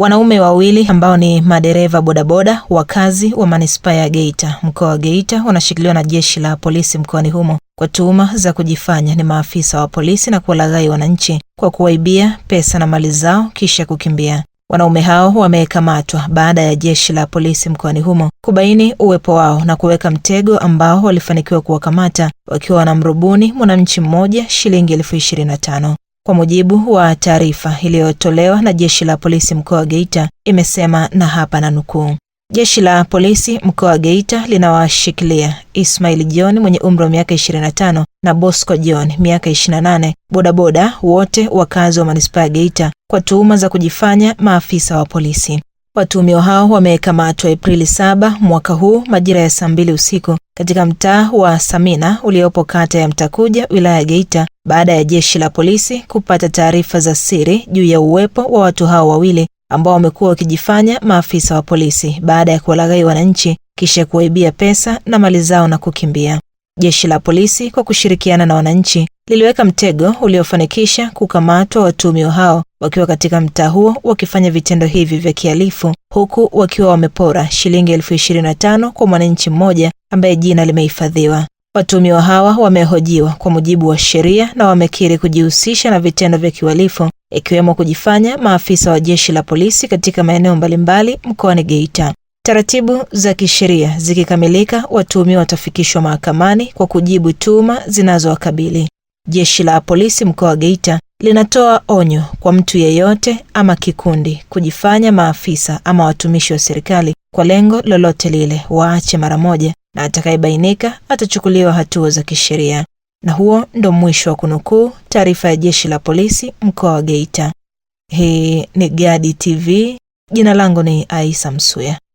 Wanaume wawili ambao ni madereva bodaboda wakazi wa manispaa ya Geita mkoa wa Geita wanashikiliwa na jeshi la polisi mkoani humo kwa tuhuma za kujifanya ni maafisa wa polisi na kuwalaghai wananchi kwa kuwaibia pesa na mali zao kisha kukimbia. Wanaume hao wamekamatwa baada ya jeshi la polisi mkoani humo kubaini uwepo wao na kuweka mtego ambao walifanikiwa kuwakamata wakiwa wanamrubuni mwananchi mmoja shilingi elfu ishirini na tano. Kwa mujibu wa taarifa iliyotolewa na jeshi la polisi mkoa wa Geita, imesema na hapa na nukuu, jeshi la polisi mkoa wa Geita linawashikilia Ismail John mwenye umri wa miaka 25 na Bosco John miaka 28, bodaboda wote wakazi wa manispaa ya Geita kwa tuhuma za kujifanya maafisa wa polisi. Watuhumiwa hao wamekamatwa Aprili 7 mwaka huu majira ya saa mbili usiku katika mtaa wa Samina uliopo kata ya Mtakuja wilaya ya Geita baada ya jeshi la polisi kupata taarifa za siri juu ya uwepo wa watu hao wawili ambao wamekuwa wakijifanya maafisa wa polisi baada ya kuwalaghai wananchi kisha kuwaibia pesa na mali zao na kukimbia. Jeshi la polisi kwa kushirikiana na wananchi liliweka mtego uliofanikisha kukamatwa watumio hao wakiwa katika mtaa huo wakifanya vitendo hivi vya kihalifu, huku wakiwa wamepora shilingi elfu ishirini na tano kwa mwananchi mmoja ambaye jina limehifadhiwa. Watuhumiwa hawa wamehojiwa kwa mujibu wa sheria na wamekiri kujihusisha na vitendo vya kiuhalifu ikiwemo kujifanya maafisa wa jeshi la polisi katika maeneo mbalimbali mkoani Geita. Taratibu za kisheria zikikamilika, watuhumiwa watafikishwa mahakamani kwa kujibu tuhuma zinazowakabili. Jeshi la polisi mkoa wa Geita linatoa onyo kwa mtu yeyote ama kikundi kujifanya maafisa ama watumishi wa serikali kwa lengo lolote lile, waache mara moja, na atakayebainika atachukuliwa hatua za kisheria. Na huo ndo mwisho wa kunukuu taarifa ya Jeshi la Polisi mkoa wa Geita. Hii ni Gadi TV, jina langu ni Aisa Msuya.